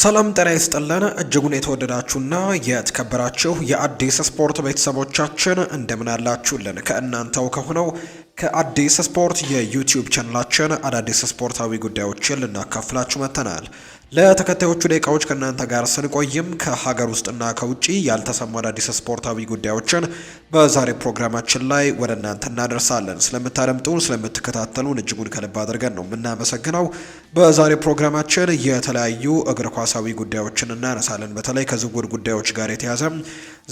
ሰላም ጤና ይስጥልን እጅጉን የተወደዳችሁና የተከበራችሁ የአዲስ ስፖርት ቤተሰቦቻችን እንደምን አላችሁልን? ከእናንተው ከሆነው ከአዲስ ስፖርት የዩቲዩብ ቻናላችን አዳዲስ ስፖርታዊ ጉዳዮችን ልናካፍላችሁ መጥተናል። ለተከታዮቹ ደቂቃዎች ከእናንተ ጋር ስንቆይም ከሀገር ውስጥና ከውጭ ያልተሰሙ አዳዲስ ስፖርታዊ ጉዳዮችን በዛሬ ፕሮግራማችን ላይ ወደ እናንተ እናደርሳለን። ስለምታደምጡን፣ ስለምትከታተሉን እጅጉን ከልብ አድርገን ነው የምናመሰግነው። በዛሬ ፕሮግራማችን የተለያዩ እግር ኳሳዊ ጉዳዮችን እናነሳለን። በተለይ ከዝውውር ጉዳዮች ጋር የተያዘ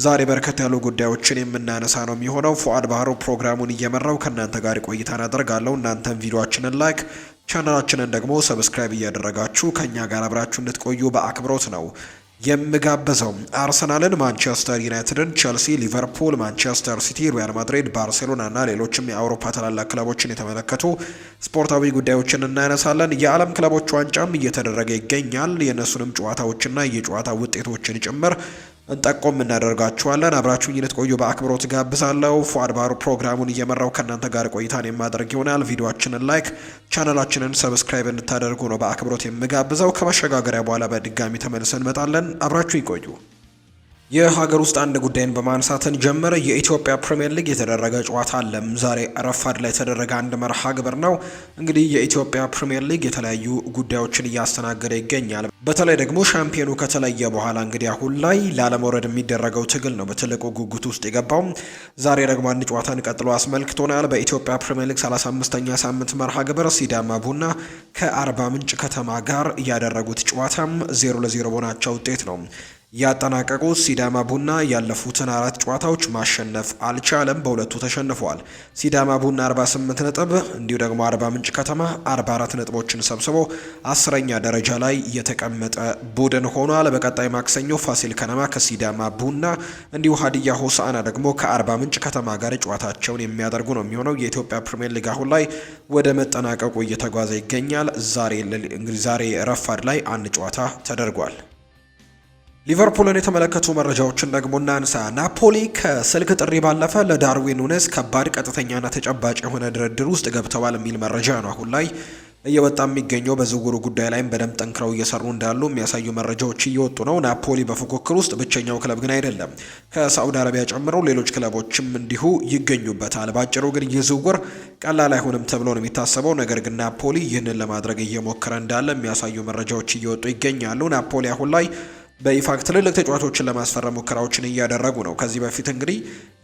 ዛሬ በርከት ያሉ ጉዳዮችን የምናነሳ ነው የሚሆነው። ፉአድ ባህሩ ፕሮግራሙን እየመራው ከእናንተ ጋር ቆይታን አደርጋለሁ። እናንተም ቪዲዮችንን ላይክ ቻናላችንን ደግሞ ሰብስክራይብ እያደረጋችሁ ከእኛ ጋር አብራችሁ እንድትቆዩ በአክብሮት ነው የምጋበዘው። አርሰናልን፣ ማንቸስተር ዩናይትድን፣ ቸልሲ፣ ሊቨርፑል፣ ማንቸስተር ሲቲ፣ ሪያል ማድሪድ፣ ባርሴሎና እና ሌሎችም የአውሮፓ ታላላቅ ክለቦችን የተመለከቱ ስፖርታዊ ጉዳዮችን እናነሳለን። የዓለም ክለቦች ዋንጫም እየተደረገ ይገኛል። የእነሱንም ጨዋታዎችና የጨዋታ ውጤቶችን ጭምር ጠቆም እናደርጋችኋለን። አብራችሁ ይነት ቆዩ በአክብሮት ጋብዛለሁ። ፏድ ባሩ ፕሮግራሙን እየመራው ከእናንተ ጋር ቆይታን የማደርግ ይሆናል። ቪዲዮችንን ላይክ፣ ቻናላችንን ሰብስክራይብ እንድታደርጉ ነው በአክብሮት የምጋብዘው። ከመሸጋገሪያ በኋላ በድጋሚ ተመልሰን እንመጣለን። አብራችሁ ይቆዩ። የሀገር ውስጥ አንድ ጉዳይን በማንሳትን ጀምር የኢትዮጵያ ፕሪምየር ሊግ የተደረገ ጨዋታ አለም ዛሬ ረፋድ ላይ የተደረገ አንድ መርሃ ግብር ነው። እንግዲህ የኢትዮጵያ ፕሪምየር ሊግ የተለያዩ ጉዳዮችን እያስተናገደ ይገኛል። በተለይ ደግሞ ሻምፒዮኑ ከተለየ በኋላ እንግዲህ አሁን ላይ ላለመውረድ የሚደረገው ትግል ነው በትልቁ ጉጉት ውስጥ የገባው። ዛሬ ደግሞ አንድ ጨዋታን ቀጥሎ አስመልክቶናል። በኢትዮጵያ ፕሪምየር ሊግ 35ኛ ሳምንት መርሃ ግብር ሲዳማ ቡና ከአርባ ምንጭ ከተማ ጋር ያደረጉት ጨዋታም ዜሮ ለዜሮ በሆናቸው ውጤት ነው ያጠናቀቁ ሲዳማ ቡና ያለፉትን አራት ጨዋታዎች ማሸነፍ አልቻለም፣ በሁለቱ ተሸንፏል። ሲዳማ ቡና 48 ነጥብ እንዲሁ ደግሞ አርባ ምንጭ ከተማ 44 ነጥቦችን ሰብስቦ አስረኛ ደረጃ ላይ የተቀመጠ ቡድን ሆኗል። በቀጣይ ማክሰኞ ፋሲል ከነማ ከሲዳማ ቡና እንዲሁ ሀዲያ ሆሳአና ደግሞ ከአርባ ምንጭ ከተማ ጋር ጨዋታቸውን የሚያደርጉ ነው የሚሆነው። የኢትዮጵያ ፕሪምየር ሊግ አሁን ላይ ወደ መጠናቀቁ እየተጓዘ ይገኛል። ዛሬ ረፋድ ላይ አንድ ጨዋታ ተደርጓል። ሊቨርፑልን የተመለከቱ መረጃዎችን ደግሞ እናንሳ። ናፖሊ ከስልክ ጥሪ ባለፈ ለዳርዊን ኑኔዝ ከባድ ቀጥተኛና ተጨባጭ የሆነ ድርድር ውስጥ ገብተዋል የሚል መረጃ ነው አሁን ላይ እየወጣ የሚገኘው በዝውውሩ ጉዳይ ላይም በደንብ ጠንክረው እየሰሩ እንዳሉ የሚያሳዩ መረጃዎች እየወጡ ነው። ናፖሊ በፉክክር ውስጥ ብቸኛው ክለብ ግን አይደለም። ከሳዑዲ አረቢያ ጨምሮ ሌሎች ክለቦችም እንዲሁ ይገኙበታል። በአጭሩ ግን ይህ ዝውውር ቀላል አይሆንም ተብሎ ነው የሚታሰበው። ነገር ግን ናፖሊ ይህንን ለማድረግ እየሞከረ እንዳለ የሚያሳዩ መረጃዎች እየወጡ ይገኛሉ። ናፖሊ አሁን ላይ በይፋ ትልልቅ ተጫዋቾችን ለማስፈረም ሙከራዎችን እያደረጉ ነው። ከዚህ በፊት እንግዲህ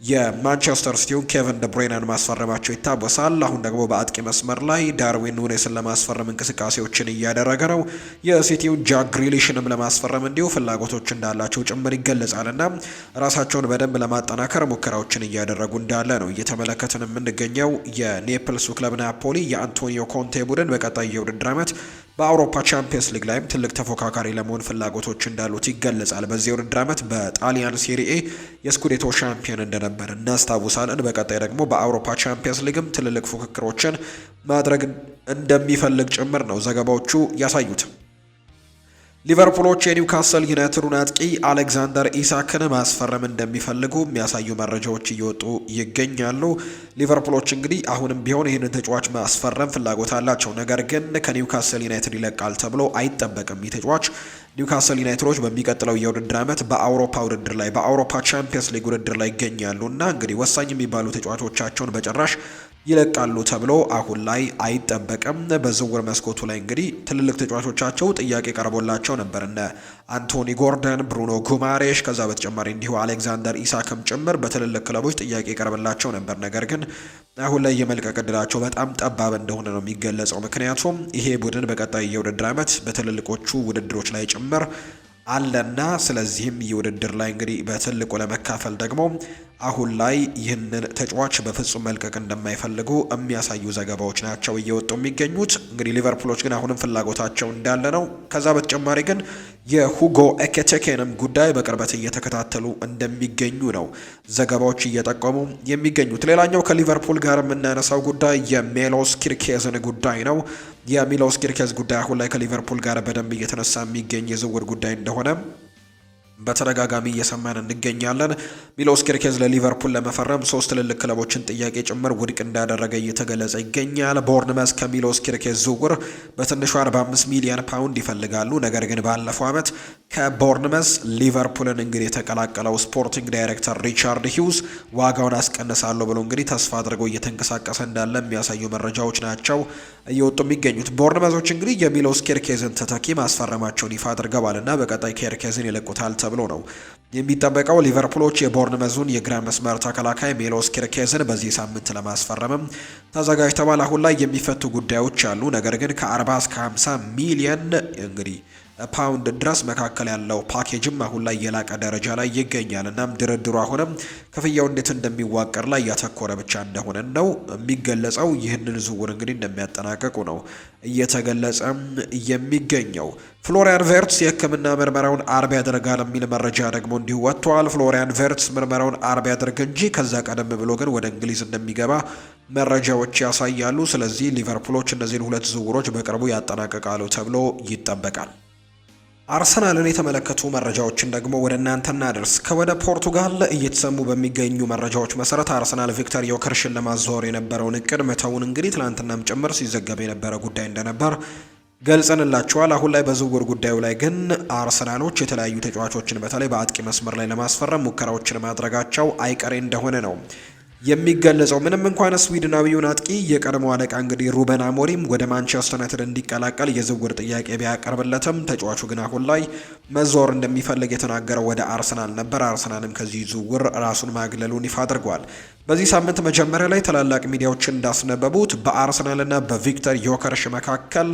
የማንቸስተር ሲቲውን ኬቨን ደብሬናን ማስፈረማቸው ይታወሳል። አሁን ደግሞ በአጥቂ መስመር ላይ ዳርዊን ኑኔስን ለማስፈረም እንቅስቃሴዎችን እያደረገ ነው። የሲቲውን ጃክ ግሪሊሽንም ለማስፈረም እንዲሁ ፍላጎቶች እንዳላቸው ጭምር ይገለጻል እና ራሳቸውን በደንብ ለማጠናከር ሙከራዎችን እያደረጉ እንዳለ ነው እየተመለከትን የምንገኘው። የኔፕልሱ ክለብ ናፖሊ የአንቶኒዮ ኮንቴ ቡድን በቀጣይ የውድድር ዓመት በአውሮፓ ቻምፒየንስ ሊግ ላይም ትልቅ ተፎካካሪ ለመሆን ፍላጎቶች እንዳሉት ይገለጻል። በዚህ ውድድር ዓመት በጣሊያን ሴሪኤ የስኩዴቶ ሻምፒዮን እንደነበር እናስታውሳለን። በቀጣይ ደግሞ በአውሮፓ ቻምፒየንስ ሊግም ትልልቅ ፉክክሮችን ማድረግ እንደሚፈልግ ጭምር ነው ዘገባዎቹ ያሳዩት። ሊቨርፑሎች የኒውካስል ዩናይትዱን አጥቂ አሌክዛንደር ኢሳክን ማስፈረም እንደሚፈልጉ የሚያሳዩ መረጃዎች እየወጡ ይገኛሉ። ሊቨርፑሎች እንግዲህ አሁንም ቢሆን ይህንን ተጫዋች ማስፈረም ፍላጎት አላቸው። ነገር ግን ከኒውካስል ዩናይትድ ይለቃል ተብሎ አይጠበቅም። ይህ ተጫዋች ኒውካስል ዩናይትዶች በሚቀጥለው የውድድር ዓመት በአውሮፓ ውድድር ላይ በአውሮፓ ቻምፒየንስ ሊግ ውድድር ላይ ይገኛሉ እና እንግዲህ ወሳኝ የሚባሉ ተጫዋቾቻቸውን በጭራሽ ይለቃሉ ተብሎ አሁን ላይ አይጠበቅም። በዝውውር መስኮቱ ላይ እንግዲህ ትልልቅ ተጫዋቾቻቸው ጥያቄ ቀርቦላቸው ነበር እነ አንቶኒ ጎርደን፣ ብሩኖ ጉማሬሽ ከዛ በተጨማሪ እንዲሁ አሌክዛንደር ኢሳክም ጭምር በትልልቅ ክለቦች ጥያቄ ቀርብላቸው ነበር። ነገር ግን አሁን ላይ የመልቀቅ እድላቸው በጣም ጠባብ እንደሆነ ነው የሚገለጸው። ምክንያቱም ይሄ ቡድን በቀጣይ የውድድር ዓመት በትልልቆቹ ውድድሮች ላይ ጭምር አለና ስለዚህም ውድድር ላይ እንግዲህ በትልቁ ለመካፈል ደግሞ አሁን ላይ ይህንን ተጫዋች በፍጹም መልቀቅ እንደማይፈልጉ የሚያሳዩ ዘገባዎች ናቸው እየወጡ የሚገኙት። እንግዲህ ሊቨርፑሎች ግን አሁንም ፍላጎታቸው እንዳለ ነው። ከዛ በተጨማሪ ግን የሁጎ ኤኬቴኬንም ጉዳይ በቅርበት እየተከታተሉ እንደሚገኙ ነው ዘገባዎች እየጠቀሙ የሚገኙት። ሌላኛው ከሊቨርፑል ጋር የምናነሳው ጉዳይ የሜሎስ ኪርኬዝን ጉዳይ ነው። የሚለውስ ኪርኬዝ ጉዳይ አሁን ላይ ከሊቨርፑል ጋር በደንብ እየተነሳ የሚገኝ የዝውውር ጉዳይ እንደሆነ በተደጋጋሚ እየሰማን እንገኛለን። ሚሎስ ኪርኬዝ ለሊቨርፑል ለመፈረም ሶስት ትልልቅ ክለቦችን ጥያቄ ጭምር ውድቅ እንዳደረገ እየተገለጸ ይገኛል። ቦርንመስ ከሚሎስ ኪርኬዝ ዝውውር በትንሹ 45 ሚሊዮን ፓውንድ ይፈልጋሉ። ነገር ግን ባለፈው ዓመት ከቦርንመስ ሊቨርፑልን እንግዲህ የተቀላቀለው ስፖርቲንግ ዳይሬክተር ሪቻርድ ሂውዝ ዋጋውን አስቀንሳለሁ ብሎ እንግዲህ ተስፋ አድርገው እየተንቀሳቀሰ እንዳለ የሚያሳዩ መረጃዎች ናቸው እየወጡ የሚገኙት ቦርንመዞች እንግዲህ የሚሎስ ኬርኬዝን ተተኪ ማስፈረማቸውን ይፋ አድርገዋል እና በቀጣይ ኬርኬዝን ይለቁታል ተብሎ ነው የሚጠበቀው ሊቨርፑሎች የቦርንመዙን የግራ መስመር ተከላካይ ሜሎስ ኪርኬዝን በዚህ ሳምንት ለማስፈረምም ተዘጋጅተዋል። አሁን ላይ የሚፈቱ ጉዳዮች አሉ። ነገር ግን ከ40 እስከ 50 ሚሊየን እንግዲህ ፓውንድ ድረስ መካከል ያለው ፓኬጅም አሁን ላይ የላቀ ደረጃ ላይ ይገኛል። እናም ድርድሩ አሁንም ክፍያው እንዴት እንደሚዋቀር ላይ ያተኮረ ብቻ እንደሆነ ነው የሚገለጸው። ይህንን ዝውውር እንግዲህ እንደሚያጠናቀቁ ነው እየተገለጸም የሚገኘው። ፍሎሪያን ቨርትስ የሕክምና ምርመራውን አርብ ያደርጋል የሚል መረጃ ደግሞ እንዲሁ ወጥቷል። ፍሎሪያን ቨርትስ ምርመራውን አርብ ያደርግ እንጂ ከዛ ቀደም ብሎ ግን ወደ እንግሊዝ እንደሚገባ መረጃዎች ያሳያሉ። ስለዚህ ሊቨርፑሎች እነዚህን ሁለት ዝውውሮች በቅርቡ ያጠናቅቃሉ ተብሎ ይጠበቃል። አርሰናልን የተመለከቱ መረጃዎችን ደግሞ ወደ እናንተ እናደርስ። ከወደ ፖርቱጋል እየተሰሙ በሚገኙ መረጃዎች መሰረት አርሰናል ቪክተር ዮከርሽን ለማዘዋወር የነበረውን እቅድ መተውን እንግዲህ ትላንትናም ጭምር ሲዘገብ የነበረ ጉዳይ እንደነበር ገልጸንላቸዋል። አሁን ላይ በዝውውር ጉዳዩ ላይ ግን አርሰናሎች የተለያዩ ተጫዋቾችን በተለይ በአጥቂ መስመር ላይ ለማስፈረም ሙከራዎችን ማድረጋቸው አይቀሬ እንደሆነ ነው የሚገለጸው ምንም እንኳን ስዊድናዊውን አጥቂ የቀድሞ አለቃ እንግዲህ ሩበን አሞሪም ወደ ማንቸስተር ዩናይትድ እንዲቀላቀል የዝውውር ጥያቄ ቢያቀርብለትም ተጫዋቹ ግን አሁን ላይ መዞር እንደሚፈልግ የተናገረው ወደ አርሰናል ነበር። አርሰናልም ከዚህ ዝውውር ራሱን ማግለሉን ይፋ አድርጓል። በዚህ ሳምንት መጀመሪያ ላይ ታላላቅ ሚዲያዎች እንዳስነበቡት በአርሰናልና በቪክተር ዮከርሽ መካከል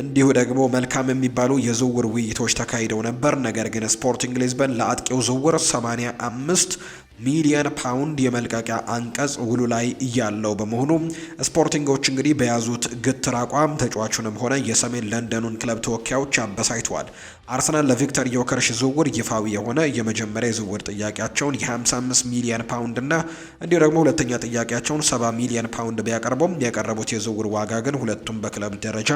እንዲሁ ደግሞ መልካም የሚባሉ የዝውውር ውይይቶች ተካሂደው ነበር። ነገር ግን ስፖርቲንግ ሊዝበን ለአጥቂው ዝውውር 85 ሚሊየን ፓውንድ የመልቀቂያ አንቀጽ ውሉ ላይ እያለው በመሆኑ ስፖርቲንጎች እንግዲህ በያዙት ግትር አቋም ተጫዋቹንም ሆነ የሰሜን ለንደኑን ክለብ ተወካዮች አበሳይተዋል። አርሰናል ለቪክተር ዮከርሽ ዝውውር ይፋዊ የሆነ የመጀመሪያ የዝውውር ጥያቄያቸውን የ55 ሚሊዮን ፓውንድ እና እንዲሁ ደግሞ ሁለተኛ ጥያቄያቸውን 70 ሚሊዮን ፓውንድ ቢያቀርቡም ያቀረቡት የዝውውር ዋጋ ግን ሁለቱም በክለብ ደረጃ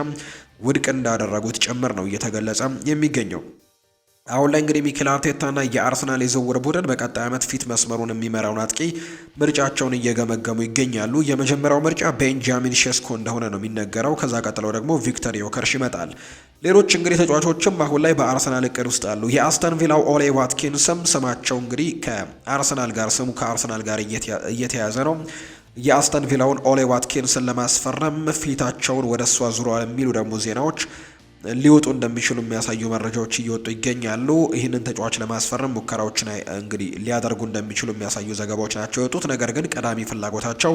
ውድቅ እንዳደረጉት ጭምር ነው እየተገለጸ የሚገኘው። አሁን ላይ እንግዲህ ሚኬል አርቴታና የአርሰናል የዝውውር ቡድን በቀጣይ ዓመት ፊት መስመሩን የሚመራውን አጥቂ ምርጫቸውን እየገመገሙ ይገኛሉ። የመጀመሪያው ምርጫ ቤንጃሚን ሼስኮ እንደሆነ ነው የሚነገረው። ከዛ ቀጥለው ደግሞ ቪክተር ዮከርሽ ይመጣል። ሌሎች እንግዲህ ተጫዋቾችም አሁን ላይ በአርሰናል እቅድ ውስጥ አሉ። የአስተን ቪላው ኦሌ ዋትኪንስም ስማቸው እንግዲህ ከአርሰናል ጋር ስሙ ከአርሰናል ጋር እየተያዘ ነው። የአስተን ቪላውን ኦሌ ዋትኪንስን ለማስፈረም ፊታቸውን ወደ እሱ አዙረዋል የሚሉ ደግሞ ዜናዎች ሊወጡ እንደሚችሉ የሚያሳዩ መረጃዎች እየወጡ ይገኛሉ። ይህንን ተጫዋች ለማስፈረም ሙከራዎችን እንግዲህ ሊያደርጉ እንደሚችሉ የሚያሳዩ ዘገባዎች ናቸው የወጡት። ነገር ግን ቀዳሚ ፍላጎታቸው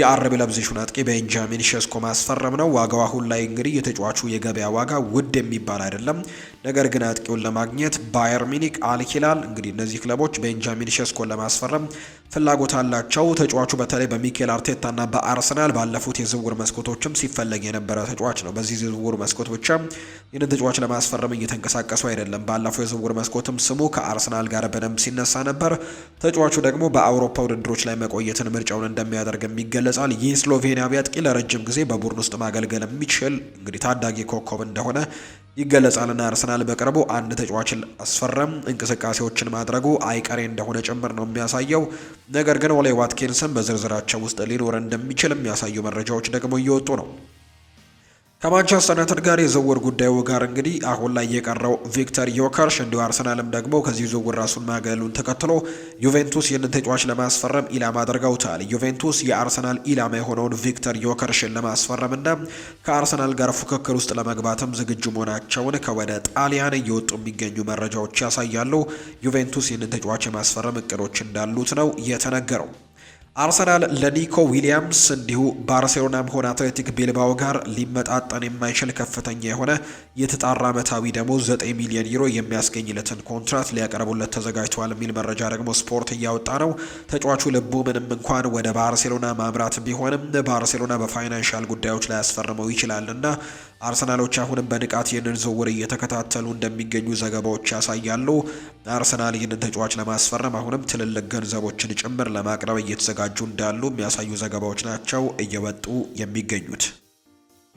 የአረብ ለብዚሹን አጥቂ ቤንጃሚን ሸስኮ ማስፈረም ነው። ዋጋው አሁን ላይ እንግዲህ የተጫዋቹ የገበያ ዋጋ ውድ የሚባል አይደለም። ነገር ግን አጥቂውን ለማግኘት ባየር ሚኒክ፣ አልሂላል እንግዲህ እነዚህ ክለቦች ቤንጃሚን ሸስኮን ለማስፈረም ፍላጎት አላቸው። ተጫዋቹ በተለይ በሚኬል እና በአርሰናል ባለፉት የዝውውር መስኮቶችም ሲፈለግ የነበረ ተጫዋች ነው። በዚህ ዝውውር መስኮት ብቻ ይህንን ተጫዋች ለማስፈረም እየተንቀሳቀሱ አይደለም። ባለፈው የዝውውር መስኮትም ስሙ ከአርሰናል ጋር በደንብ ሲነሳ ነበር። ተጫዋቹ ደግሞ በአውሮፓ ውድድሮች ላይ መቆየትን ምርጫውን እንደሚያደርግም ይገለጻል። ይህ ስሎቬኒያዊ አጥቂ ለረጅም ጊዜ በቡድን ውስጥ ማገልገል የሚችል እንግዲህ ታዳጊ ኮከብ እንደሆነ ይገለጻልና አርሰናል በቅርቡ አንድ ተጫዋች አስፈረም እንቅስቃሴዎችን ማድረጉ አይቀሬ እንደሆነ ጭምር ነው የሚያሳየው። ነገር ግን ኦሌ ዋትኪንስን በዝርዝራቸው ውስጥ ሊኖር እንደሚችል የሚያሳዩ መረጃዎች ደግሞ እየወጡ ነው። ከማንቸስተር ዩናይትድ ጋር የዝውውር ጉዳዩ ጋር እንግዲህ አሁን ላይ የቀረው ቪክተር ዮከርሽ እንዲሁ አርሰናልም ደግሞ ከዚህ ዝውውር ራሱን ማገለሉን ተከትሎ ዩቬንቱስ ይህንን ተጫዋች ለማስፈረም ኢላማ አድርገውታል። ዩቬንቱስ የአርሰናል ኢላማ የሆነውን ቪክተር ዮከርሽን ለማስፈረም እና ከአርሰናል ጋር ፉክክር ውስጥ ለመግባትም ዝግጁ መሆናቸውን ከወደ ጣሊያን እየወጡ የሚገኙ መረጃዎች ያሳያሉ። ዩቬንቱስ ይህንን ተጫዋች የማስፈረም እቅዶች እንዳሉት ነው የተነገረው። አርሰናል ለኒኮ ዊሊያምስ እንዲሁ ባርሴሎናም ሆነ አትሌቲክ ቢልባኦ ጋር ሊመጣጠን የማይችል ከፍተኛ የሆነ የተጣራ ዓመታዊ ደሞዝ 9 ሚሊዮን ዩሮ የሚያስገኝለትን ኮንትራት ሊያቀርቡለት ተዘጋጅተዋል የሚል መረጃ ደግሞ ስፖርት እያወጣ ነው። ተጫዋቹ ልቡ ምንም እንኳን ወደ ባርሴሎና ማምራት ቢሆንም ባርሴሎና በፋይናንሻል ጉዳዮች ላይ ያስፈርመው ይችላል እና አርሰናሎች አሁንም በንቃት ይህንን ዝውውር እየተከታተሉ እንደሚገኙ ዘገባዎች ያሳያሉ። አርሰናል ይህንን ተጫዋች ለማስፈረም አሁንም ትልልቅ ገንዘቦችን ጭምር ለማቅረብ እየተዘጋጀ እየተዘጋጁ እንዳሉ የሚያሳዩ ዘገባዎች ናቸው እየወጡ የሚገኙት።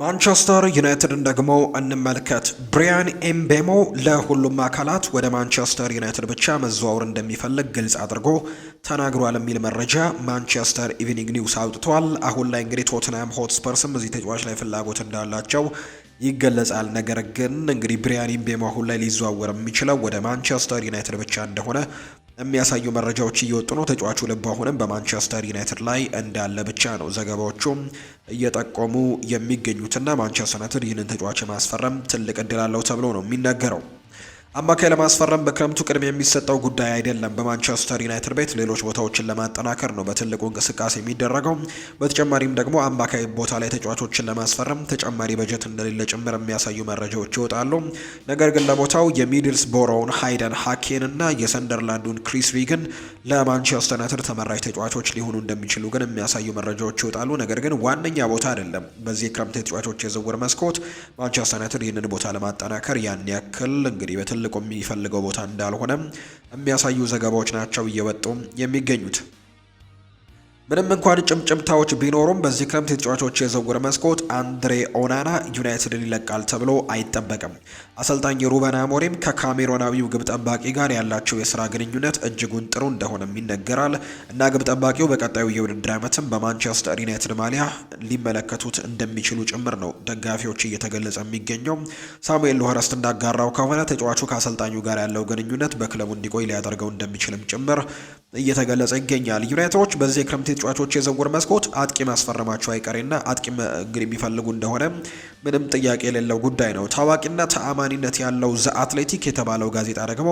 ማንቸስተር ዩናይትድን ደግሞ እንመልከት። ብሪያን ኤምቤሞ ለሁሉም አካላት ወደ ማንቸስተር ዩናይትድ ብቻ መዘዋወር እንደሚፈልግ ግልጽ አድርጎ ተናግሯል የሚል መረጃ ማንቸስተር ኢቪኒንግ ኒውስ አውጥቷል። አሁን ላይ እንግዲህ ቶትናም ሆትስፐርስም እዚህ ተጫዋች ላይ ፍላጎት እንዳላቸው ይገለጻል። ነገር ግን እንግዲህ ብሪያን ኤምቤሞ አሁን ላይ ሊዘዋወር የሚችለው ወደ ማንቸስተር ዩናይትድ ብቻ እንደሆነ የሚያሳዩ መረጃዎች እየወጡ ነው። ተጫዋቹ ልቡ አሁንም በማንቸስተር ዩናይትድ ላይ እንዳለ ብቻ ነው ዘገባዎቹም እየጠቆሙ የሚገኙትና ማንቸስተር ዩናይትድ ይህንን ተጫዋች ማስፈረም ትልቅ እድል አለው ተብሎ ነው የሚነገረው። አማካይ ለማስፈረም በክረምቱ ቅድሚያ የሚሰጠው ጉዳይ አይደለም። በማንቸስተር ዩናይትድ ቤት ሌሎች ቦታዎችን ለማጠናከር ነው በትልቁ እንቅስቃሴ የሚደረገው። በተጨማሪም ደግሞ አማካይ ቦታ ላይ ተጫዋቾችን ለማስፈረም ተጨማሪ በጀት እንደሌለ ጭምር የሚያሳዩ መረጃዎች ይወጣሉ። ነገር ግን ለቦታው የሚድልስ ቦሮውን ሃይደን ሀኬን እና የሰንደርላንዱን ክሪስ ሪግን ለማንቸስተር ዩናይትድ ተመራጭ ተጫዋቾች ሊሆኑ እንደሚችሉ ግን የሚያሳዩ መረጃዎች ይወጣሉ። ነገር ግን ዋነኛ ቦታ አይደለም። በዚህ የክረምት የተጫዋቾች የዝውውር መስኮት ማንቸስተር ዩናይትድ ይህንን ቦታ ለማጠናከር ያን ያክል እንግዲህ ትልቁ የሚፈልገው ቦታ እንዳልሆነ የሚያሳዩ ዘገባዎች ናቸው እየወጡ የሚገኙት። ምንም እንኳን ጭምጭምታዎች ቢኖሩም በዚህ ክረምት የተጫዋቾች የዝውውር መስኮት አንድሬ ኦናና ዩናይትድን ይለቃል ተብሎ አይጠበቅም። አሰልጣኝ ሩበን አሞሪም ከካሜሮናዊው ግብ ጠባቂ ጋር ያላቸው የስራ ግንኙነት እጅጉን ጥሩ እንደሆነም ይነገራል እና ግብ ጠባቂው በቀጣዩ የውድድር ዓመትም በማንቸስተር ዩናይትድ ማሊያ ሊመለከቱት እንደሚችሉ ጭምር ነው ደጋፊዎች እየተገለጸ የሚገኘው። ሳሙኤል ሎኸረስት እንዳጋራው ከሆነ ተጫዋቹ ከአሰልጣኙ ጋር ያለው ግንኙነት በክለቡ እንዲቆይ ሊያደርገው እንደሚችልም ጭምር እየተገለጸ ይገኛል። ዩናይትዶች በዚህ የክረምት ተጫዋቾች የዝውውር መስኮት አጥቂ ማስፈረማቸው አይቀሬና አጥቂ እንግዲህ የሚፈልጉ እንደሆነ ምንም ጥያቄ የሌለው ጉዳይ ነው። ታዋቂና ተአማ ተአማኒነት ያለው ዘ አትሌቲክ የተባለው ጋዜጣ ደግሞ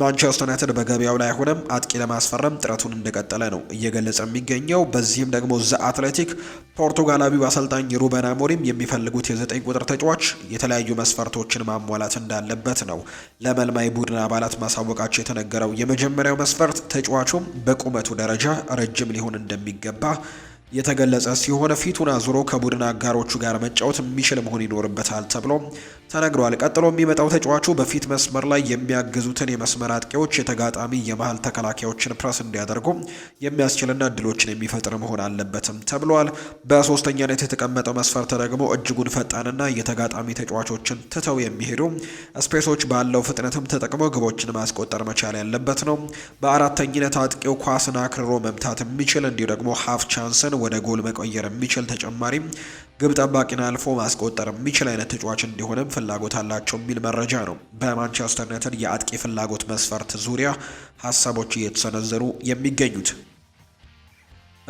ማንቸስተር ዩናይትድ በገበያው ላይ አሁንም አጥቂ ለማስፈረም ጥረቱን እንደቀጠለ ነው እየገለጸ የሚገኘው። በዚህም ደግሞ ዘ አትሌቲክ ፖርቱጋላዊው አሰልጣኝ ሩበን አሞሪም የሚፈልጉት የዘጠኝ ቁጥር ተጫዋች የተለያዩ መስፈርቶችን ማሟላት እንዳለበት ነው ለመልማይ ቡድን አባላት ማሳወቃቸው የተነገረው። የመጀመሪያው መስፈርት ተጫዋቹም በቁመቱ ደረጃ ረጅም ሊሆን እንደሚገባ የተገለጸ ሲሆን ፊቱን አዙሮ ከቡድን አጋሮቹ ጋር መጫወት የሚችል መሆን ይኖርበታል ተብሎ ተነግረዋል። ቀጥሎ የሚመጣው ተጫዋቹ በፊት መስመር ላይ የሚያግዙትን የመስመር አጥቂዎች፣ የተጋጣሚ የመሀል ተከላካዮችን ፕረስ እንዲያደርጉ የሚያስችልና እድሎችን የሚፈጥር መሆን አለበትም ተብሏል። በሶስተኛነት የተቀመጠው መስፈርት ደግሞ እጅጉን ፈጣንና የተጋጣሚ ተጫዋቾችን ትተው የሚሄዱ ስፔሶች ባለው ፍጥነትም ተጠቅሞ ግቦችን ማስቆጠር መቻል ያለበት ነው። በአራተኝነት አጥቂው ኳስን አክርሮ መምታት የሚችል እንዲሁ ደግሞ ሀፍ ቻንስን ወደ ጎል መቀየር የሚችል ተጨማሪ ግብ ጠባቂን አልፎ ማስቆጠር የሚችል አይነት ተጫዋች እንዲሆንም ፍላጎት አላቸው የሚል መረጃ ነው። በማንቸስተር ዩናይትድ የአጥቂ ፍላጎት መስፈርት ዙሪያ ሀሳቦች እየተሰነዘሩ የሚገኙት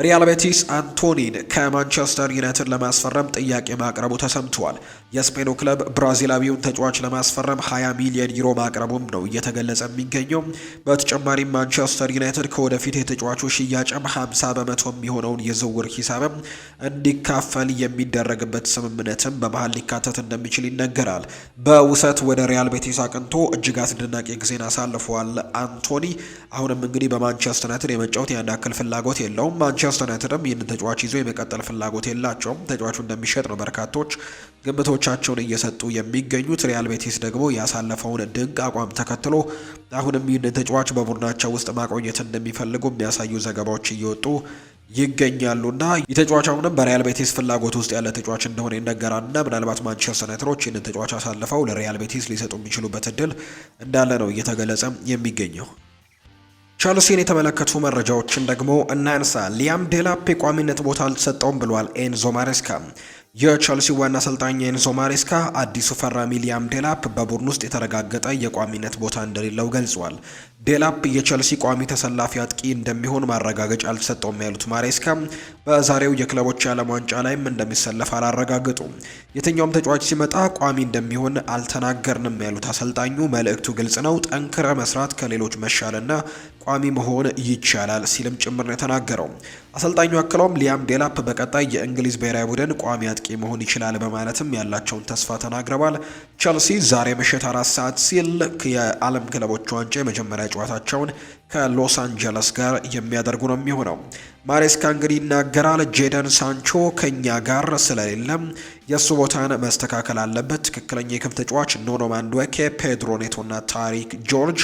ሪያል ቤቲስ አንቶኒን ከማንቸስተር ዩናይትድ ለማስፈረም ጥያቄ ማቅረቡ ተሰምተዋል። የስፔኑ ክለብ ብራዚላዊውን ተጫዋች ለማስፈረም 20 ሚሊዮን ዩሮ ማቅረቡም ነው እየተገለጸ የሚገኘው። በተጨማሪም ማንቸስተር ዩናይትድ ከወደፊት የተጫዋቹ ሽያጭም 50 በመቶ የሚሆነውን የዝውውር ሂሳብም እንዲካፈል የሚደረግበት ስምምነትም በመሀል ሊካተት እንደሚችል ይነገራል። በውሰት ወደ ሪያል ቤቲስ አቅንቶ እጅግ አስደናቂ ጊዜን አሳልፈዋል አንቶኒ። አሁንም እንግዲህ በማንቸስተር ዩናይትድ የመጫወት ያን ያክል ፍላጎት የለውም። ማንቸስተር ዩናይትድም ይህንን ተጫዋች ይዞ የመቀጠል ፍላጎት የላቸውም። ተጫዋቹ እንደሚሸጥ ነው በርካቶች ግምቶቻቸውን እየሰጡ የሚገኙት ሪያል ቤቲስ ደግሞ ያሳለፈውን ድንቅ አቋም ተከትሎ አሁንም ይህንን ተጫዋች በቡድናቸው ውስጥ ማቆየት እንደሚፈልጉ የሚያሳዩ ዘገባዎች እየወጡ ይገኛሉና የተጫዋች አሁንም በሪያል ቤቲስ ፍላጎት ውስጥ ያለ ተጫዋች እንደሆነ ይነገራልና ምናልባት ማንቸስተር ዩናይትዶች ይህንን ተጫዋች አሳልፈው ለሪያል ቤቲስ ሊሰጡ የሚችሉበት እድል እንዳለ ነው እየተገለጸ የሚገኘው። ቸልሲን የተመለከቱ መረጃዎችን ደግሞ እናንሳ። ሊያም ዴላፕ የቋሚነት ቦታ አልተሰጠውም ብሏል ኤንዞ ማሬስካ። የቸልሲ ዋና አሰልጣኝ ኤንዞ ማሬስካ አዲሱ ፈራሚ ሊያም ዴላፕ በቡድን ውስጥ የተረጋገጠ የቋሚነት ቦታ እንደሌለው ገልጿል። ዴላፕ የቸልሲ ቋሚ ተሰላፊ አጥቂ እንደሚሆን ማረጋገጫ አልተሰጠውም ያሉት ማሬስካ በዛሬው የክለቦች የዓለም ዋንጫ ላይም እንደሚሰለፍ አላረጋገጡም። የትኛውም ተጫዋች ሲመጣ ቋሚ እንደሚሆን አልተናገርንም ያሉት አሰልጣኙ መልእክቱ ግልጽ ነው፣ ጠንክረ መስራት፣ ከሌሎች መሻልና ቋሚ መሆን ይቻላል ሲልም ጭምር ነው የተናገረው። አሰልጣኙ አክለውም ሊያም ዴላፕ በቀጣይ የእንግሊዝ ብሔራዊ ቡድን ቋሚ አጥቂ መሆን ይችላል በማለትም ያላቸውን ተስፋ ተናግረዋል። ቸልሲ ዛሬ ምሽት አራት ሰዓት ሲል የዓለም ክለቦች ዋንጫ የመጀመሪያ ጨዋታቸውን ከሎስ አንጀለስ ጋር የሚያደርጉ ነው የሚሆነው። ማሬስካ እንግዲህ ይናገራል። ጄደን ሳንቾ ከእኛ ጋር ስለሌለም የእሱ ቦታን መስተካከል አለበት። ትክክለኛ የክንፍ ተጫዋች ኖኖ ማንድዌኬ፣ ፔድሮ ኔቶና ታሪክ ጆርጅ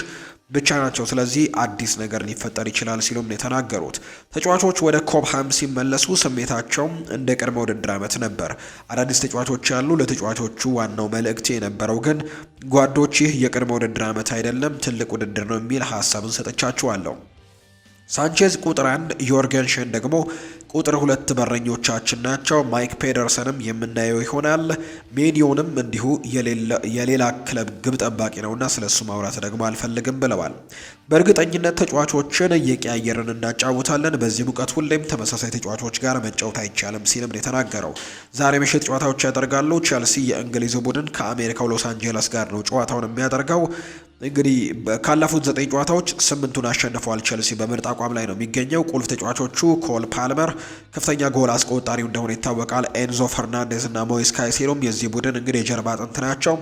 ብቻ ናቸው። ስለዚህ አዲስ ነገር ሊፈጠር ይችላል ሲሉም የተናገሩት። ተጫዋቾች ወደ ኮብሃም ሲመለሱ ስሜታቸው እንደ ቅድመ ውድድር ዓመት ነበር። አዳዲስ ተጫዋቾች ያሉ ለተጫዋቾቹ ዋናው መልእክት የነበረው ግን ጓዶች፣ ይህ የቅድመ ውድድር ዓመት አይደለም፣ ትልቅ ውድድር ነው የሚል ሀሳብን ሰጥቻችኋለሁ። ሳንቼዝ ቁጥር አንድ ዮርገንሽን ደግሞ ቁጥር ሁለት በረኞቻችን ናቸው። ማይክ ፔደርሰንም የምናየው ይሆናል። ሜዲዮንም እንዲሁ የሌላ ክለብ ግብ ጠባቂ ነውና ስለ እሱ ማውራት ደግሞ አልፈልግም ብለዋል። በእርግጠኝነት ተጫዋቾችን እየቀያየርን እናጫውታለን። በዚህ ሙቀት ሁሌም ተመሳሳይ ተጫዋቾች ጋር መጫወት አይቻልም ሲልም ነው የተናገረው። ዛሬ ምሽት ጨዋታዎች ያደርጋሉ። ቼልሲ የእንግሊዝ ቡድን ከአሜሪካው ሎስ አንጀለስ ጋር ነው ጨዋታውን የሚያደርገው። እንግዲህ ካለፉት ዘጠኝ ጨዋታዎች ስምንቱን አሸንፈዋል። ቸልሲ በምርጥ አቋም ላይ ነው የሚገኘው። ቁልፍ ተጫዋቾቹ ኮል ፓልመር ከፍተኛ ጎል አስቆጣሪው እንደሆነ ይታወቃል። ኤንዞ ፈርናንዴዝ እና ሞይስ ካይሴዶም የዚህ ቡድን እንግዲህ የጀርባ አጥንት ናቸው።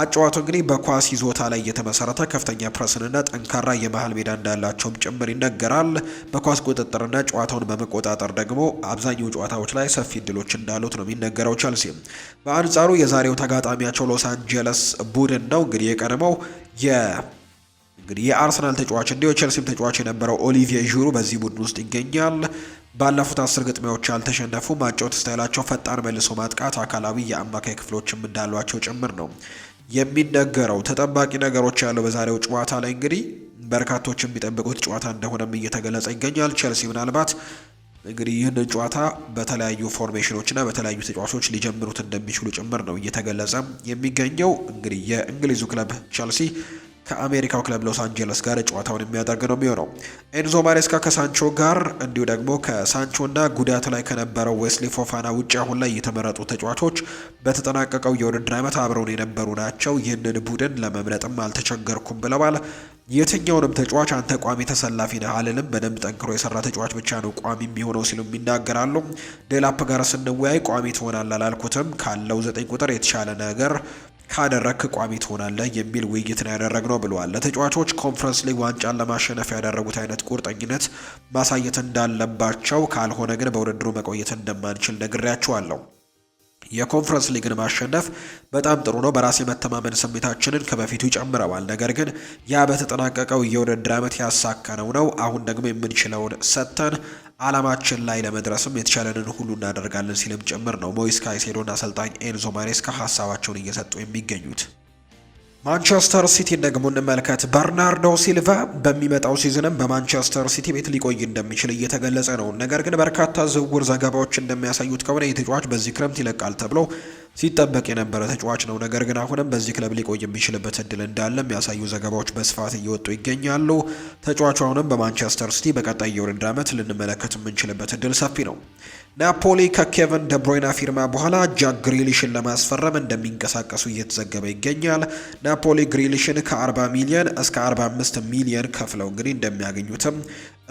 አጫዋቱ እንግዲህ በኳስ ይዞታ ላይ የተመሰረተ ከፍተኛ ፕረስንና ጠንካራ የመሀል ሜዳ እንዳላቸውም ጭምር ይነገራል። በኳስ ቁጥጥርና ጨዋታውን በመቆጣጠር ደግሞ አብዛኛው ጨዋታዎች ላይ ሰፊ እድሎች እንዳሉት ነው የሚነገረው ቸልሲ። በአንጻሩ የዛሬው ተጋጣሚያቸው ሎስ አንጀለስ ቡድን ነው። እንግዲህ የቀድሞው የ እንግዲህ የአርሰናል ተጫዋች እንዲሁ ቸልሲም ተጫዋች የነበረው ኦሊቪየ ዥሩ በዚህ ቡድን ውስጥ ይገኛል። ባለፉት አስር ግጥሚያዎች ያልተሸነፉ ማጫወት ስታይላቸው ፈጣን መልሶ ማጥቃት፣ አካላዊ የአማካይ ክፍሎችም እንዳሏቸው ጭምር ነው። የሚነገረው ተጠባቂ ነገሮች ያለው በዛሬው ጨዋታ ላይ እንግዲህ በርካቶች የሚጠብቁት ጨዋታ እንደሆነም እየተገለጸ ይገኛል። ቼልሲ ምናልባት እንግዲህ ይህንን ጨዋታ በተለያዩ ፎርሜሽኖችና በተለያዩ ተጫዋቾች ሊጀምሩት እንደሚችሉ ጭምር ነው እየተገለጸ የሚገኘው። እንግዲህ የእንግሊዙ ክለብ ቼልሲ ከአሜሪካው ክለብ ሎስ አንጀለስ ጋር ጨዋታውን የሚያደርግ ነው የሚሆነው። ኤንዞ ማሬስካ ከሳንቾ ጋር እንዲሁ ደግሞ ከሳንቾና ጉዳት ላይ ከነበረው ዌስሊ ፎፋና ውጭ አሁን ላይ የተመረጡ ተጫዋቾች በተጠናቀቀው የውድድር ዓመት አብረውን የነበሩ ናቸው። ይህንን ቡድን ለመምረጥም አልተቸገርኩም ብለዋል። የትኛውንም ተጫዋች አንተ ቋሚ ተሰላፊ ነህ አልልም። በደንብ ጠንክሮ የሰራ ተጫዋች ብቻ ነው ቋሚ የሚሆነው ሲሉ ይናገራሉ። ዴላፕ ጋር ስንወያይ ቋሚ ትሆናል አላልኩትም። ካለው ዘጠኝ ቁጥር የተሻለ ነገር ካደረክ ቋሚ ትሆናለህ የሚል ውይይት ነው ያደረግነው ብለዋል። ለተጫዋቾች ኮንፈረንስ ሊግ ዋንጫን ለማሸነፍ ያደረጉት አይነት ቁርጠኝነት ማሳየት እንዳለባቸው፣ ካልሆነ ግን በውድድሩ መቆየት እንደማንችል ነግሬያቸዋለሁ። የኮንፈረንስ ሊግን ማሸነፍ በጣም ጥሩ ነው። በራስ የመተማመን ስሜታችንን ከበፊቱ ይጨምረዋል። ነገር ግን ያ በተጠናቀቀው የውድድር ዓመት ያሳካነው ነው። አሁን ደግሞ የምንችለውን ሰጥተን አላማችን ላይ ለመድረስም የተቻለንን ሁሉ እናደርጋለን ሲልም ጭምር ነው ሞይስ ካይሴዶና አሰልጣኝ ኤንዞ ማሬስካ ሀሳባቸውን እየሰጡ የሚገኙት። ማንቸስተር ሲቲን ደግሞ እንመልከት። በርናርዶ ሲልቫ በሚመጣው ሲዝንም በማንቸስተር ሲቲ ቤት ሊቆይ እንደሚችል እየተገለጸ ነው። ነገር ግን በርካታ ዝውውር ዘገባዎች እንደሚያሳዩት ከሆነ የተጫዋች በዚህ ክረምት ይለቃል ተብሎ ሲጠበቅ የነበረ ተጫዋች ነው። ነገር ግን አሁንም በዚህ ክለብ ሊቆይ የሚችልበት እድል እንዳለ የሚያሳዩ ዘገባዎች በስፋት እየወጡ ይገኛሉ። ተጫዋቹ አሁንም በማንቸስተር ሲቲ በቀጣይ የውድድር ዓመት ልንመለከት የምንችልበት እድል ሰፊ ነው። ናፖሊ ከኬቨን ደብሮይና ፊርማ በኋላ ጃክ ግሪሊሽን ለማስፈረም እንደሚንቀሳቀሱ እየተዘገበ ይገኛል። ናፖሊ ግሪሊሽን ከ40 ሚሊዮን እስከ 45 ሚሊዮን ከፍለው እንግዲህ እንደሚያገኙትም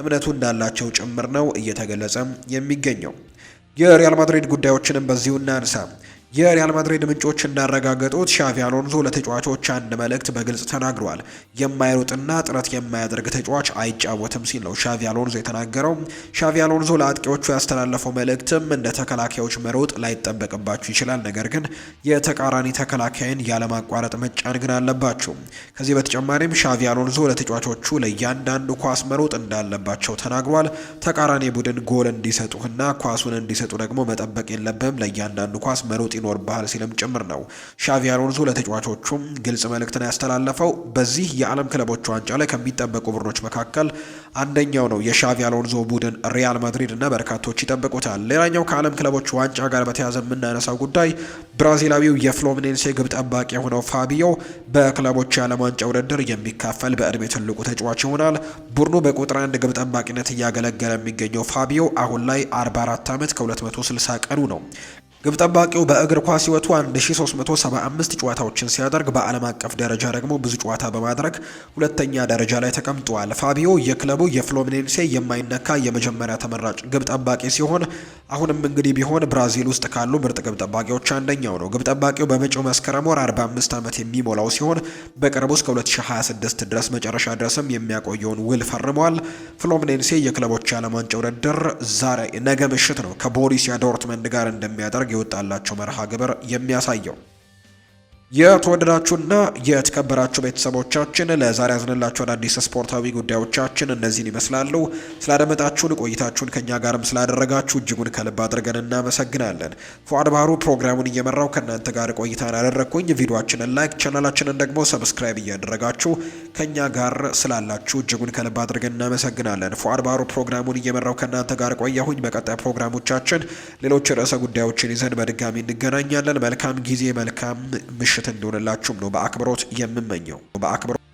እምነቱ እንዳላቸው ጭምር ነው እየተገለጸ የሚገኘው። የሪያል ማድሪድ ጉዳዮችንም በዚሁ እናንሳ። የሪያል ማድሪድ ምንጮች እንዳረጋገጡት ሻቪ አሎንዞ ለተጫዋቾች አንድ መልእክት በግልጽ ተናግሯል የማይሮጥና ጥረት የማያደርግ ተጫዋች አይጫወትም ሲል ነው ሻቪ አሎንዞ የተናገረው። ሻቪ አሎንዞ ለአጥቂዎቹ ያስተላለፈው መልእክትም እንደ ተከላካዮች መሮጥ ላይጠበቅባችሁ ይችላል፣ ነገር ግን የተቃራኒ ተከላካይን ያለማቋረጥ መጫን ግን አለባችሁ። ከዚህ በተጨማሪም ሻቪ አሎንዞ ለተጫዋቾቹ ለእያንዳንዱ ኳስ መሮጥ እንዳለባቸው ተናግሯል። ተቃራኒ ቡድን ጎል እንዲሰጡህና ኳሱን እንዲሰጡ ደግሞ መጠበቅ የለብህም። ለእያንዳንዱ ኳስ መሮጥ ይኖርብሃል ሲልም ጭምር ነው ሻቪ አሎንሶ ለተጫዋቾቹም ግልጽ መልእክትን ያስተላለፈው። በዚህ የዓለም ክለቦች ዋንጫ ላይ ከሚጠበቁ ቡድኖች መካከል አንደኛው ነው የሻቪ አሎንሶ ቡድን ሪያል ማድሪድ እና በርካቶች ይጠብቁታል። ሌላኛው ከዓለም ክለቦች ዋንጫ ጋር በተያያዘ የምናነሳው ጉዳይ ብራዚላዊው የፍሎሚኔንሴ ግብ ጠባቂ የሆነው ፋቢዮ በክለቦች የዓለም ዋንጫ ውድድር የሚካፈል በእድሜ ትልቁ ተጫዋች ይሆናል። ቡድኑ በቁጥር አንድ ግብ ጠባቂነት እያገለገለ የሚገኘው ፋቢዮ አሁን ላይ 44 ዓመት ከ260 ቀኑ ነው። ግብ ጠባቂው በእግር ኳስ ህይወቱ 1375 ጨዋታዎችን ሲያደርግ በዓለም አቀፍ ደረጃ ደግሞ ብዙ ጨዋታ በማድረግ ሁለተኛ ደረጃ ላይ ተቀምጧል። ፋቢዮ የክለቡ የፍሎሚኔንሴ የማይነካ የመጀመሪያ ተመራጭ ግብ ጠባቂ ሲሆን አሁንም እንግዲህ ቢሆን ብራዚል ውስጥ ካሉ ምርጥ ግብ ጠባቂዎች አንደኛው ነው። ግብ ጠባቂው በመጪው መስከረም ወር 45 ዓመት የሚሞላው ሲሆን በቅርቡ እስከ 2026 ድረስ መጨረሻ ድረስም የሚያቆየውን ውል ፈርመዋል። ፍሎሚኔንሴ የክለቦች ዓለም ዋንጫ ውድድር ዛሬ ነገ ምሽት ነው ከቦሪሲያ ዶርትመንድ ጋር እንደሚያደርግ የወጣላቸው መርሃ ግብር የሚያሳየው የተወደዳችሁና የተከበራችሁ ቤተሰቦቻችን ለዛሬ ያዝንላችሁ አዳዲስ ስፖርታዊ ጉዳዮቻችን እነዚህን ይመስላሉ። ስላደመጣችሁን ቆይታችሁን ከእኛ ጋርም ስላደረጋችሁ እጅጉን ከልብ አድርገን እናመሰግናለን። ፏድ ባህሩ ፕሮግራሙን እየመራው ከእናንተ ጋር ቆይታን ያደረግኩኝ፣ ቪዲዮችንን ላይክ ቻናላችንን ደግሞ ሰብስክራይብ እያደረጋችሁ ከእኛ ጋር ስላላችሁ እጅጉን ከልብ አድርገን እናመሰግናለን። ፏድ ባህሩ ፕሮግራሙን እየመራው ከእናንተ ጋር ቆያሁኝ። በቀጣይ ፕሮግራሞቻችን ሌሎች ርዕሰ ጉዳዮችን ይዘን በድጋሚ እንገናኛለን። መልካም ጊዜ፣ መልካም ምሽት ምሽት እንዲሆንላችሁም ነው በአክብሮት የምመኘው በአክብሮት